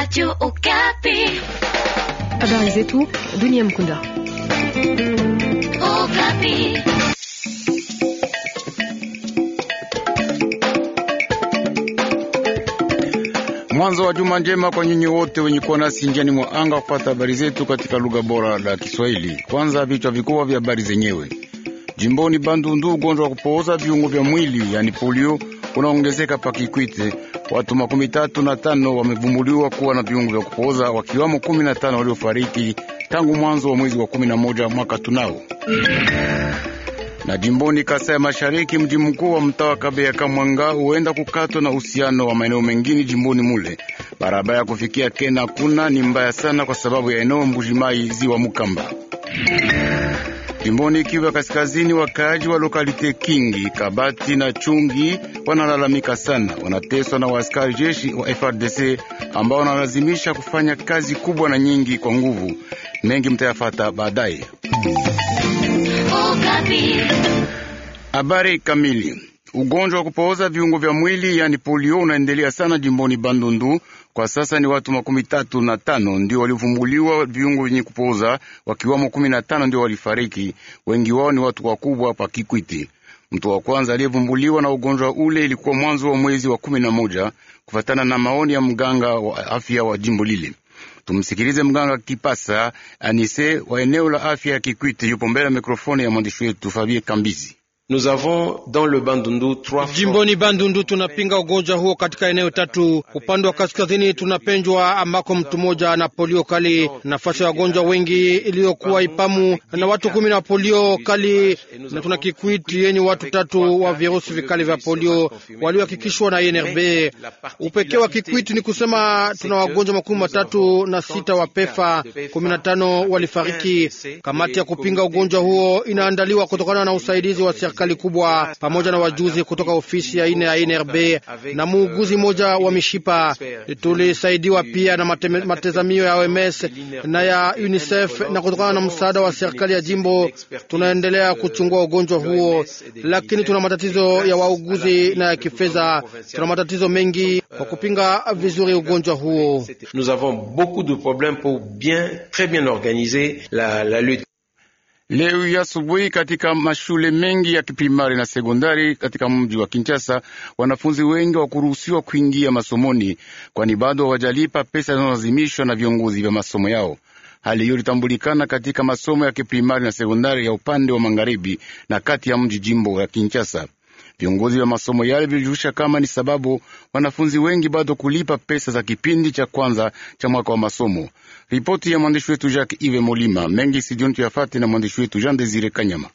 Radio Okapi. Habari zetu dunia mkunda. Okapi. Mwanzo wa juma njema kwa nyinyi wote wenye kuwa nasi njiani mwa anga kupata habari zetu katika lugha bora la Kiswahili. Kwanza vichwa vikubwa vya habari zenyewe. Jimboni Bandundu, ugonjwa wa kupooza viungo vya mwili yani polio unaongezeka Pakikwiti. Watu makumi tatu na tano wamevumbuliwa kuwa na viungo vya kupooza wakiwamo kumi na tano waliofariki tangu mwanzo wa mwezi wa kumi na moja mwaka tunao na jimboni Kasai ya Mashariki, mji mkuu wa mtaa wa Kabeya Kamwanga huenda kukatwa na uhusiano wa maeneo mengine jimboni mule. Barabara ya kufikia Kena kuna ni mbaya sana kwa sababu ya eneo Mbujimai, ziwa Mukamba. Jimboni Kivu ya Kaskazini, wakaaji wa lokalite Kingi, Kabati na Chungi wanalalamika sana, wanateswa na waaskari jeshi wa FRDC ambao wanalazimisha kufanya kazi kubwa na nyingi kwa nguvu. Mengi mtayafata baadaye. Habari kamili. Ugonjwa wa kupooza viungo vya mwili yani polio unaendelea sana jimboni Bandundu kwa sasa ni watu makumi tatu na tano ndio walivumbuliwa viungo vyenye kupoza, wakiwamo kumi na tano ndio walifariki. Wengi wao ni watu wakubwa pa Kikwiti. Mtu wa kwanza aliyevumbuliwa na ugonjwa ule ilikuwa mwanzo wa mwezi wa kumi na moja kufatana na maoni ya mganga wa afya wa jimbo lile. Tumsikilize mganga Kipasa Anise wa eneo la afya ya Kikwiti, yupo mbele ya mikrofoni ya mwandishi wetu Fabie Kambizi. Nous avons dans le Bandundu trois jimboni Bandundu tunapinga ugonjwa huo katika eneo tatu. Upande wa kaskazini tunapenjwa ambako mtu mmoja na polio kali, nafasi ya wagonjwa wengi iliyokuwa ipamu na watu kumi na polio kali, na tuna Kikwiti yenye watu tatu wa virusi vikali vya polio waliohakikishwa na INRB. Upekee wa Kikwiti ni kusema tuna wagonjwa makumi matatu na sita wa PEFA, kumi na tano walifariki. Kamati ya kupinga ugonjwa huo inaandaliwa kutokana na usaidizi wa serikali serikali kubwa pamoja na wajuzi kutoka ofisi ya ine ya INRB na muuguzi mmoja wa mishipa. Tulisaidiwa pia na matazamio ya OMS na ya UNICEF, na kutokana na msaada wa serikali ya jimbo tunaendelea kuchungua ugonjwa huo, lakini tuna matatizo ya wauguzi na ya kifedha. Tuna matatizo mengi kwa kupinga vizuri ugonjwa huo. Nous avons beaucoup de problèmes pour bien très bien organiser la, la lutte leo ya asubuhi katika mashule mengi ya kiprimari na sekondari katika mji wa Kinshasa, wanafunzi wengi wakuruhusiwa kuingia masomoni, kwani bado hawajalipa pesa zinazolazimishwa na viongozi vya masomo yao. Hali hiyo ilitambulikana katika masomo ya kiprimari na sekondari ya upande wa magharibi na kati ya mji jimbo ya Kinshasa. Viongozi wa masomo yale vilijulisha kama ni sababu wanafunzi wengi bado kulipa pesa za kipindi cha kwanza cha mwaka wa masomo. Ripoti ya mwandishi wetu Jacques Ive Molima mengi sijoni tuyafati na mwandishi wetu Jean Desire Kanyama.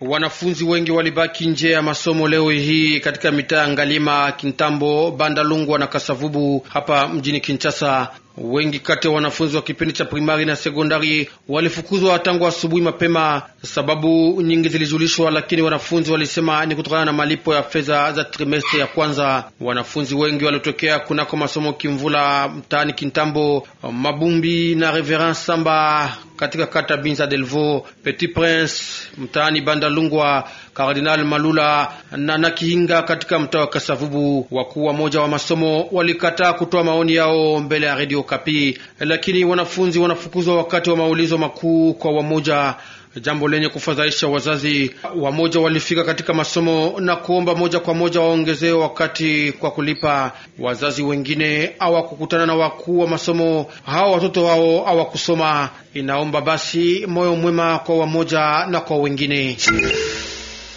Wanafunzi wengi walibaki nje ya masomo leo hii katika mitaa ya Ngalima, Kintambo, Bandalungwa na Kasavubu hapa mjini Kinshasa. Wengi kati ya wanafunzi wa kipindi cha primari na sekondari walifukuzwa tangu asubuhi mapema. Sababu nyingi zilijulishwa, lakini wanafunzi walisema ni kutokana na malipo ya fedha za trimestre ya kwanza. Wanafunzi wengi walitokea kunako masomo Kimvula, mtaani Kintambo, Mabumbi na Reverend Samba katika kata Binza Delvo, Petit Prince mtaani Bandalungwa, Kardinal Malula na Nakihinga katika mtaa wa Kasavubu. Wakuu wa moja wa masomo walikataa kutoa maoni yao mbele ya Radio Kapi, lakini wanafunzi wanafukuzwa wakati wa maulizo makuu kwa wamoja jambo lenye kufadhaisha wazazi. Wamoja walifika katika masomo na kuomba moja kwa moja waongezewe wakati kwa kulipa. Wazazi wengine hawakukutana na wakuu wa masomo, hao watoto wao hawakusoma. Inaomba basi moyo mwema kwa wamoja na kwa wengine.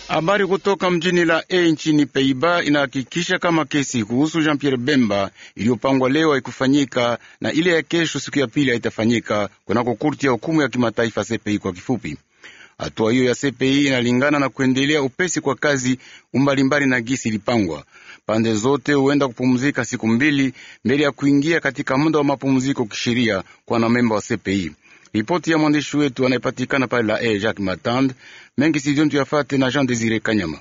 Habari kutoka mjini la e nchini Peiba inahakikisha kama kesi kuhusu Jean Pierre Bemba iliyopangwa leo haikufanyika na ile ya kesho siku ya pili haitafanyika kunako kurti ya hukumu ya kimataifa CPI kwa kifupi. Hatua hiyo ya CPI inalingana na kuendelea upesi kwa kazi umbalimbali na gisi ilipangwa. Pande zote huenda kupumzika siku mbili mbele ya kuingia katika muda wa mapumziko kisheria kwa namemba wa CPI. Ripoti ya mwandishi wetu anayepatikana pale la e Jacques Matand mengi sidiontu yafate na Jean Desire Kanyama.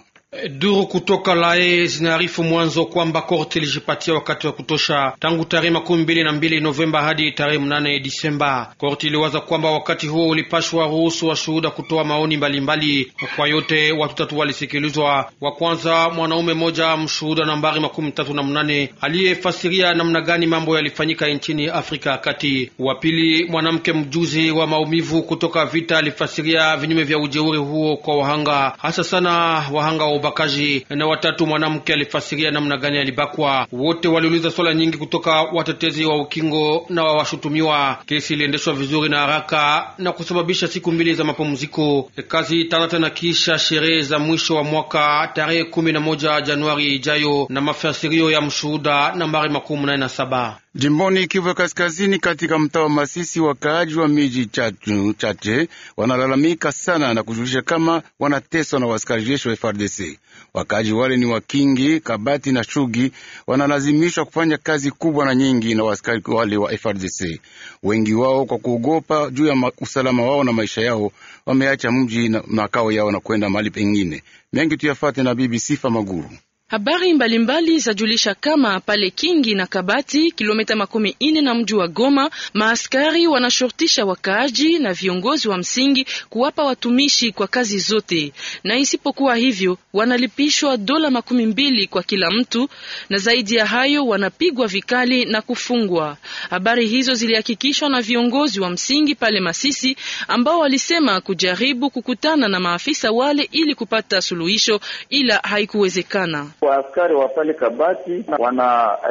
Duru kutoka Lae zinaarifu mwanzo kwamba korti ilijipatia wakati wa kutosha tangu tarehe makumi mbili na mbili Novemba hadi tarehe mnane Disemba. Korti iliwaza kwamba wakati huo ulipashwa ruhusu washuhuda kutoa maoni mbalimbali. Kwa yote watu tatu walisikilizwa. Wa kwanza mwanaume mmoja, mshuhuda nambari makumi tatu na mnane aliyefasiria namna gani mambo yalifanyika nchini Afrika ya Kati. Wa pili mwanamke mjuzi wa maumivu kutoka vita alifasiria vinyume vya ujeuri huo kwa wahanga, hasa sana wahanga ubakaji, na watatu mwanamke alifasiria namna gani alibakwa. Wote waliuliza swala nyingi kutoka watetezi wa ukingo na wa washutumiwa. Kesi iliendeshwa vizuri na haraka na kusababisha siku mbili za mapumziko kazi tata, na kisha sherehe za mwisho wa mwaka tarehe 11 Januari ijayo na mafasirio ya mshuhuda nambari makumi nane na saba. Jimboni Kivu ya Kaskazini, katika mtaa wa Masisi, wakaaji wa miji chache chache wanalalamika sana na kujulisha kama wanateswa na waskari jeshi wa frdc Wakaaji wale ni Wakingi, Kabati na Shugi, wanalazimishwa kufanya kazi kubwa na nyingi na waskari wale wa frdc Wengi wao kwa kuogopa juu ya usalama wao na maisha yao, wameacha mji na makao yao na kwenda mahali pengine. Mengi tuyafate na BBC Sifa Maguru. Habari mbalimbali zajulisha kama pale Kingi na Kabati, kilomita makumi ine na mji wa Goma, maaskari wanashurutisha wakaaji na viongozi wa msingi kuwapa watumishi kwa kazi zote, na isipokuwa hivyo wanalipishwa dola makumi mbili kwa kila mtu, na zaidi ya hayo wanapigwa vikali na kufungwa. Habari hizo zilihakikishwa na viongozi wa msingi pale Masisi, ambao walisema kujaribu kukutana na maafisa wale ili kupata suluhisho, ila haikuwezekana. Waaskari wa pale Kabati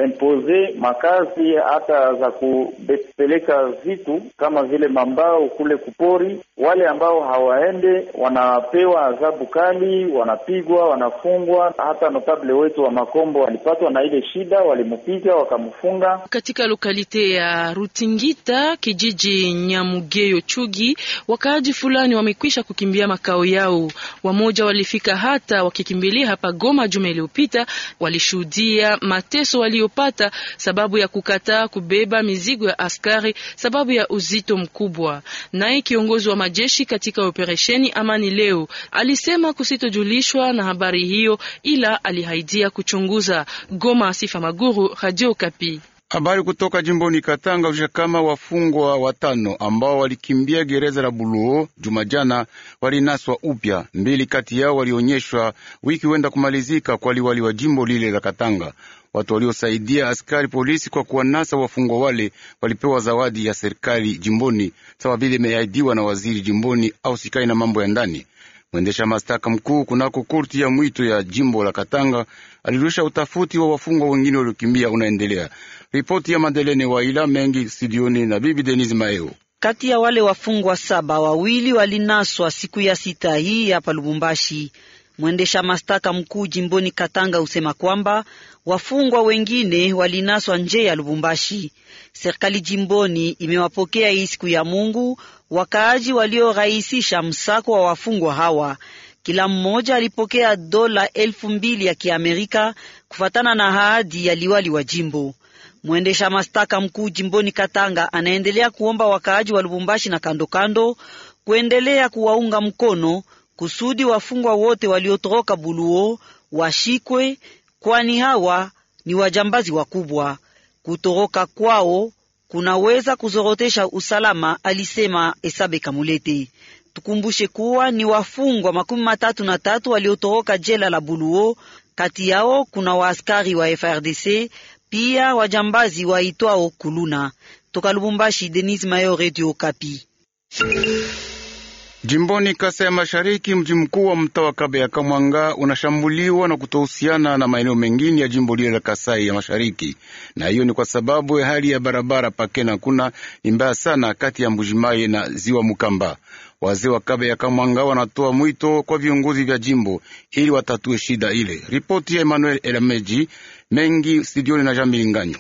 impose makazi hata za kupeleka vitu kama vile mambao kule kupori. Wale ambao hawaende wanapewa adhabu kali, wanapigwa, wanafungwa. Hata notable wetu wa Makombo walipatwa na ile shida, walimupiga wakamfunga. Katika lokalite ya Rutingita, kijiji Nyamugeyo Chugi, wakaaji fulani wamekwisha kukimbia makao yao, wamoja walifika hata wakikimbilia hapa Goma juma iliyopita iliyopita walishuhudia mateso waliopata sababu ya kukataa kubeba mizigo ya askari sababu ya uzito mkubwa. Naye kiongozi wa majeshi katika operesheni Amani leo alisema kusitojulishwa na habari hiyo, ila alihaidia kuchunguza. Goma, sifa Maguru, Radio Kapi. Habari kutoka jimboni Katanga usha kama wafungwa watano ambao walikimbia gereza la Buluo jumajana walinaswa upya. Mbili kati yao walionyeshwa wiki wenda kumalizika kwa liwali wa jimbo lile la Katanga. Watu waliosaidia askari polisi kwa kuwanasa wafungwa wale walipewa zawadi ya serikali jimboni sawa vile imeahidiwa na waziri jimboni au sikai na mambo ya ndani. Mwendesha mashtaka mkuu kunako korti ya mwito ya jimbo la Katanga aliruisha utafuti wa wafungwa wengine waliokimbia unaendelea. Ripoti ya Madelene Waila mengi studioni na bibi Denis Maeo. Kati ya wale wafungwa saba, wawili walinaswa siku ya sita hii hapa Lubumbashi. Mwendesha mashtaka mkuu jimboni Katanga husema kwamba wafungwa wengine walinaswa nje ya Lubumbashi. Serikali jimboni imewapokea hii siku ya Mungu wakaaji waliorahisisha msako wa wafungwa hawa. Kila mmoja alipokea dola elfu mbili ya Kiamerika kufatana na ahadi ya liwali wa jimbo. Mwendesha mashtaka mkuu jimboni Katanga anaendelea kuomba wakaaji wa Lubumbashi na kandokando kuendelea kuwaunga mkono kusudi wafungwa wote waliotoroka Buluo washikwe, kwani hawa ni wajambazi wakubwa. Kutoroka kwao kunaweza kuzorotesha usalama, alisema Esabe Kamulete. Tukumbushe kuwa ni wafungwa makumi matatu na tatu waliotoroka jela la Buluo. Kati yao kuna waaskari wa FRDC pia wajambazi waitwao Kuluna. Toka Lubumbashi, Denis Mayo, Redio Kapi. Jimboni Kasa ya Mashariki, mji mkuu wa mtaa wa Kabeya Kamwanga unashambuliwa na kutohusiana na maeneo mengine ya jimbo lile la Kasai ya Mashariki, na hiyo ni kwa sababu ya hali ya barabara Pakena kuna ni mbaya sana kati ya Mbujimaye na ziwa Mukamba. Wazee wa Kabeya Kamwanga wanatoa mwito kwa viongozi vya jimbo ili watatue shida ile. Ripoti ya Emmanuel Elameji mengi studioni na Jamilinganyo.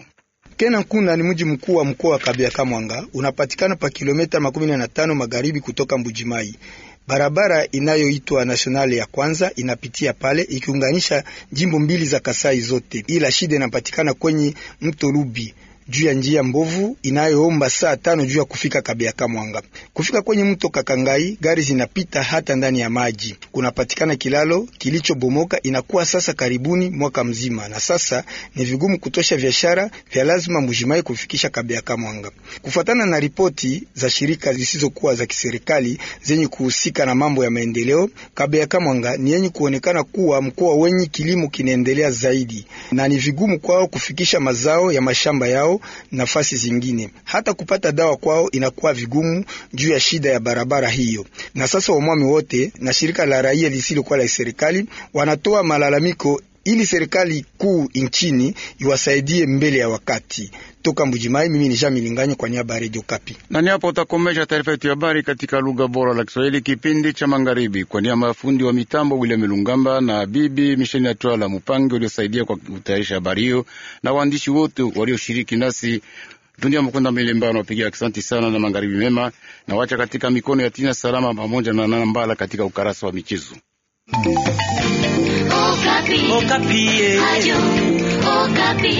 Kena Nkunda ni mji mkuu wa mkoa wa Kabya Kamwanga, unapatikana pa kilomita 15 magharibi kutoka Mbujimai. Barabara inayoitwa nasionale ya kwanza inapitia pale ikiunganisha jimbo mbili za Kasai zote, ila shida inapatikana kwenye mto Lubi juu ya njia mbovu inayoomba saa tano juu ya kufika Kabiaka Mwanga. Kufika kwenye mto Kakangai, gari zinapita hata ndani ya maji. Kunapatikana kilalo kilichobomoka, inakuwa sasa karibuni mwaka mzima, na sasa ni vigumu kutosha biashara vya lazima Mbujimayi kufikisha Kabiaka Mwanga. Kufuatana na ripoti za shirika zisizokuwa za kiserikali zenye kuhusika na mambo ya maendeleo, Kabiaka Mwanga ni yenye kuonekana kuwa mkoa wenye kilimo kinaendelea zaidi na ni vigumu kwao kufikisha mazao ya mashamba yao nafasi zingine. Hata kupata dawa kwao inakuwa vigumu juu ya shida ya barabara hiyo. Na sasa wamwami wote na shirika la raia lisilokuwa la serikali wanatoa malalamiko ili serikali kuu nchini iwasaidie mbele ya wakati. Toka Mbujimai, mimi ni Jean Milinganyo kwa niaba ya Radio Kapi. Na ni hapo utakomesha taarifa yetu ya habari katika lugha bora la Kiswahili, kipindi cha magharibi. Kwa niaba ya fundi wa mitambo William Lungamba na bibi Misheni Twala Mupange waliosaidia kwa kutayarisha habari hiyo na waandishi wote walioshiriki nasi dunia Mkunda Milemba anawapigia asante sana na magharibi mema, na wacha katika mikono ya Tina Salama pamoja na Nana Mbala katika ukarasa wa michezo. mm. Okapi. Okapi.